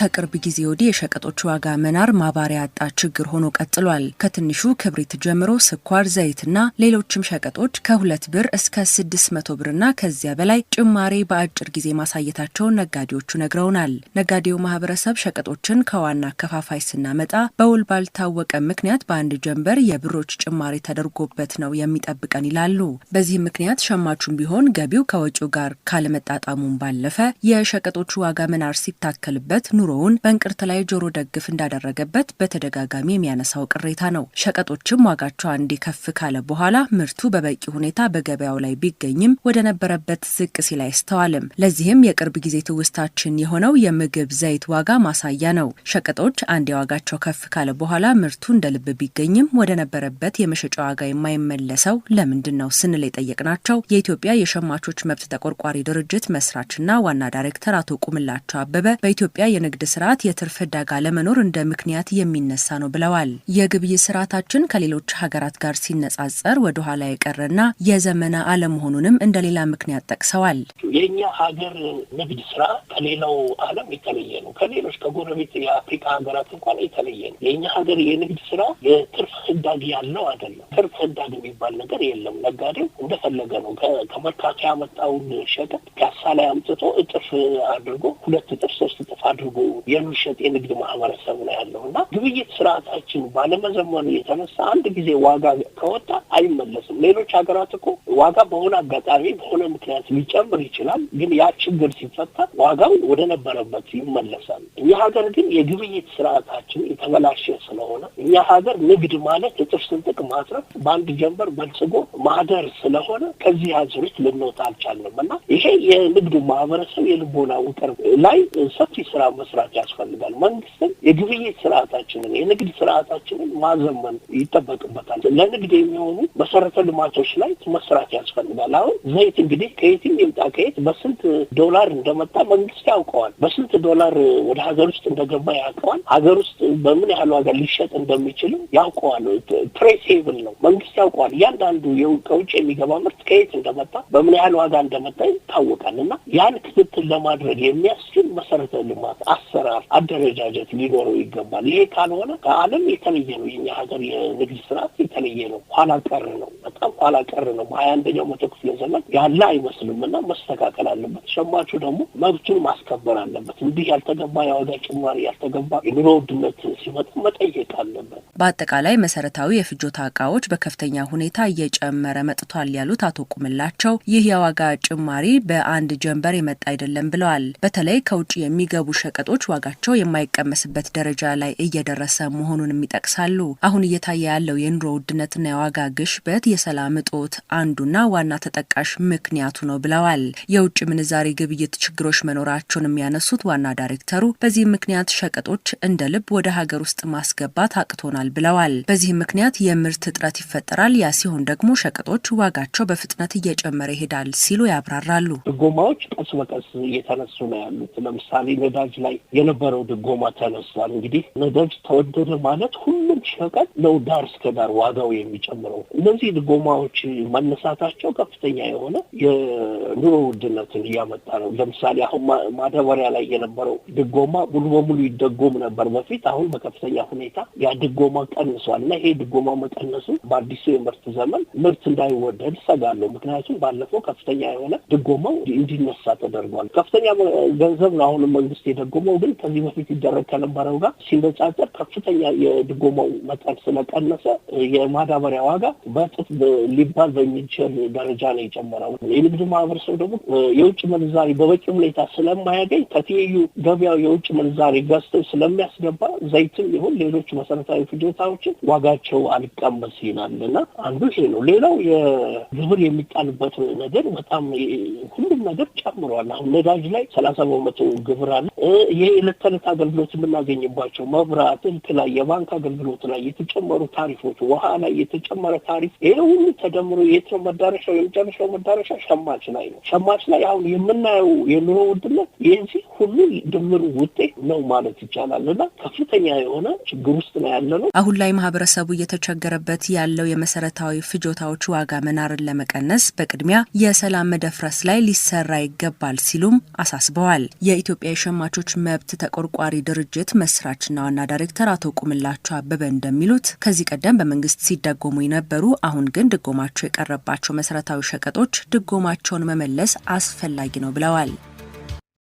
ከቅርብ ጊዜ ወዲህ የሸቀጦች ዋጋ መናር ማባሪያ ያጣ ችግር ሆኖ ቀጥሏል። ከትንሹ ክብሪት ጀምሮ ስኳር፣ ዘይትና ሌሎችም ሸቀጦች ከሁለት ብር እስከ ስድስት መቶ ብርና ከዚያ በላይ ጭማሬ በአጭር ጊዜ ማሳየታቸውን ነጋዴዎቹ ነግረውናል። ነጋዴው ማህበረሰብ ሸቀጦችን ከዋና አከፋፋይ ስናመጣ በውል ባልታወቀ ምክንያት በአንድ ጀንበር የብሮች ጭማሬ ተደርጎበት ነው የሚጠብቀን ይላሉ። በዚህ ምክንያት ሸማቹም ቢሆን ገቢው ከወጪው ጋር ካለመጣጣሙም ባለፈ የሸቀጦቹ ዋጋ መናር ሲታከልበት ኑሮ ኑሮውን በእንቅርት ላይ ጆሮ ደግፍ እንዳደረገበት በተደጋጋሚ የሚያነሳው ቅሬታ ነው። ሸቀጦችም ዋጋቸው አንዴ ከፍ ካለ በኋላ ምርቱ በበቂ ሁኔታ በገበያው ላይ ቢገኝም ወደ ነበረበት ዝቅ ሲል አይስተዋልም። ለዚህም የቅርብ ጊዜ ትውስታችን የሆነው የምግብ ዘይት ዋጋ ማሳያ ነው። ሸቀጦች አንዴ ዋጋቸው ከፍ ካለ በኋላ ምርቱ እንደ ልብ ቢገኝም ወደ ነበረበት የመሸጫ ዋጋ የማይመለሰው ለምንድን ነው ስንል የጠየቅናቸው የኢትዮጵያ የሸማቾች መብት ተቆርቋሪ ድርጅት መስራችና ዋና ዳይሬክተር አቶ ቁምላቸው አበበ በኢትዮጵያ የንግድ የንግድ ስርዓት የትርፍ ዕዳጋ ለመኖር እንደ ምክንያት የሚነሳ ነው ብለዋል። የግብይት ስርዓታችን ከሌሎች ሀገራት ጋር ሲነጻጸር ወደ ኋላ የቀረና የዘመነ አለመሆኑንም እንደ ሌላ ምክንያት ጠቅሰዋል። የእኛ ሀገር ንግድ ስራ ከሌላው ዓለም የተለየ ነው። ከሌሎች ከጎረቤት የአፍሪካ ሀገራት እንኳን የተለየ ነው። የእኛ ሀገር የንግድ ስራ የትርፍ ህዳግ ያለው አይደለም። ትርፍ ህዳግ የሚባል ነገር የለም። ነጋዴው እንደፈለገ ነው። ከመርካቶ ያመጣውን ሸቀጥ ፒያሳ ላይ አምጥቶ እጥፍ አድርጎ ሁለት እጥፍ ሶስት እጥፍ አድርጎ የሚሸጥ የንግድ ማህበረሰብ ነው ያለው እና ግብይት ስርዓታችን ባለመዘመኑ የተነሳ አንድ ጊዜ ዋጋ ከወጣ አይመለስም። ሌሎች ሀገራት እኮ ዋጋ በሆነ አጋጣሚ በሆነ ምክንያት ሊጨምር ይችላል፣ ግን ያ ችግር ሲፈታ ዋጋው ወደ ነበረበት ይመለሳል። እኛ ሀገር ግን የግብይት ስርዓታችን የተበላሸ ስለሆነ እኛ ሀገር ንግድ ማለት እጥፍ ስንጥቅ ማትረፍ በአንድ ጀንበር በልጽጎ ማደር ስለሆነ ከዚህ አዙሪት ልንወጣ አልቻልንም እና ይሄ የንግዱ ማህበረሰብ የልቦና ውቅር ላይ ሰፊ ስራ መስራት መስራት ያስፈልጋል። መንግስትም የግብይት ስርዓታችንን የንግድ ስርዓታችንን ማዘመን ይጠበቅበታል። ለንግድ የሚሆኑ መሰረተ ልማቶች ላይ መስራት ያስፈልጋል። አሁን ዘይት እንግዲህ ከየት ይምጣ ከየት በስንት ዶላር እንደመጣ መንግስት ያውቀዋል። በስንት ዶላር ወደ ሀገር ውስጥ እንደገባ ያውቀዋል። ሀገር ውስጥ በምን ያህል ዋጋ ሊሸጥ እንደሚችልም ያውቀዋል። ትሬሴብል ነው፣ መንግስት ያውቀዋል። እያንዳንዱ ከውጭ የሚገባ ምርት ከየት እንደመጣ በምን ያህል ዋጋ እንደመጣ ይታወቃል። እና ያን ክትትል ለማድረግ የሚያስችል መሰረተ ልማት አሰራር፣ አደረጃጀት ሊኖረው ይገባል። ይሄ ካልሆነ ከዓለም የተለየ ነው። የኛ ሀገር የንግድ ስርዓት የተለየ ነው፣ ኋላ ቀር ነው። በጣም ኋላ ቀር ነው። ሀያ አንደኛው መቶ ክፍለ ዘመን ያለ አይመስልም እና መስተካከል አለበት። ሸማቹ ደግሞ መብቱን ማስከበር አለበት። እንዲህ ያልተገባ የዋጋ ጭማሪ፣ ያልተገባ የኑሮ ውድነት ሲመጣ መጠየቅ አለበት። በአጠቃላይ መሰረታዊ የፍጆታ እቃዎች በከፍተኛ ሁኔታ እየጨመረ መጥቷል ያሉት አቶ ቁምላቸው ይህ የዋጋ ጭማሪ በአንድ ጀንበር የመጣ አይደለም ብለዋል። በተለይ ከውጭ የሚገቡ ሸቀጦች ዋጋቸው የማይቀመስበት ደረጃ ላይ እየደረሰ መሆኑንም ይጠቅሳሉ። አሁን እየታየ ያለው የኑሮ ውድነትና የዋጋ ግሽበት የሰላም እጦት አንዱና ዋና ተጠቃሽ ምክንያቱ ነው ብለዋል። የውጭ ምንዛሬ ግብይት ችግሮች መኖራቸውን የሚያነሱት ዋና ዳይሬክተሩ በዚህ ምክንያት ሸቀጦች እንደ ልብ ወደ ሀገር ውስጥ ማስገባት አቅቶናል ብለዋል። በዚህ ምክንያት የምርት እጥረት ይፈጠራል። ያ ሲሆን ደግሞ ሸቀጦች ዋጋቸው በፍጥነት እየጨመረ ይሄዳል ሲሉ ያብራራሉ። ድጎማዎች ቀስ በቀስ እየተነሱ ነው ያሉት። ለምሳሌ ነዳጅ ላይ የነበረው ድጎማ ተነሳል። እንግዲህ ነዳጅ ተወደደ ማለት ሁሉም ሸቀጥ ነው ዳር እስከ ዳር ዋጋው የሚጨምረው እነዚህ ድጎ ናሙማዎችን መነሳታቸው ከፍተኛ የሆነ የኑሮ ውድነትን እያመጣ ነው። ለምሳሌ አሁን ማዳበሪያ ላይ የነበረው ድጎማ ሙሉ በሙሉ ይደጎም ነበር በፊት። አሁን በከፍተኛ ሁኔታ ያ ድጎማ ቀንሷል እና ይሄ ድጎማ መቀነሱ በአዲሱ የምርት ዘመን ምርት እንዳይወደድ ሰጋለሁ። ምክንያቱም ባለፈው ከፍተኛ የሆነ ድጎማው እንዲነሳ ተደርጓል። ከፍተኛ ገንዘብ ነው አሁንም መንግስት የደጎመው፣ ግን ከዚህ በፊት ይደረግ ከነበረው ጋር ሲነጻጸር ከፍተኛ የድጎማው መጠን ስለቀነሰ የማዳበሪያ ዋጋ በእጥፍ ሊባል በሚችል ደረጃ ነው የጨመረው። የንግዱ ማህበረሰብ ደግሞ የውጭ ምንዛሪ በበቂ ሁኔታ ስለማያገኝ ከትይዩ ገበያው የውጭ ምንዛሪ ገዝተው ስለሚያስገባ ዘይትም ይሁን ሌሎች መሰረታዊ ፍጆታዎችን ዋጋቸው አልቀመስ ይላል እና አንዱ ይሄ ነው። ሌላው የግብር የሚጣልበት ነገር በጣም ሁሉም ነገር ጨምሯል። አሁን ነዳጅ ላይ ሰላሳ በመቶ ግብር አለ። ይሄ የዕለት ተዕለት አገልግሎት የምናገኝባቸው መብራት፣ ስልክ ላይ፣ የባንክ አገልግሎት ላይ የተጨመሩ ታሪፎች፣ ውሃ ላይ የተጨመረ ታሪፍ ይሄ ሁሉ ተደምሮ የት ነው መዳረሻው? የመጨረሻው መዳረሻ ሸማች ላይ ነው። ሸማች ላይ አሁን የምናየው የኑሮ ውድነት የዚህ ሁሉ ድምር ውጤት ነው ማለት ይቻላል እና ከፍተኛ የሆነ ችግር ውስጥ ነው ያለ ነው። አሁን ላይ ማህበረሰቡ እየተቸገረበት ያለው የመሰረታዊ ፍጆታዎች ዋጋ መናርን ለመቀነስ በቅድሚያ የሰላም መደፍረስ ላይ ሊሰራ ይገባል ሲሉም አሳስበዋል። የኢትዮጵያ የሸማቾች መብት ተቆርቋሪ ድርጅት መስራችና ዋና ዳይሬክተር አቶ ቁምላቸው አበበ እንደሚሉት ከዚህ ቀደም በመንግስት ሲደጎሙ የነበሩ አሁን ግን ቀን ድጎማቸው የቀረባቸው መሰረታዊ ሸቀጦች ድጎማቸውን መመለስ አስፈላጊ ነው ብለዋል።